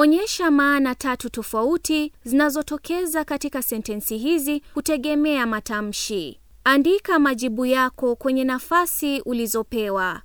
Onyesha maana tatu tofauti zinazotokeza katika sentensi hizi kutegemea matamshi. Andika majibu yako kwenye nafasi ulizopewa.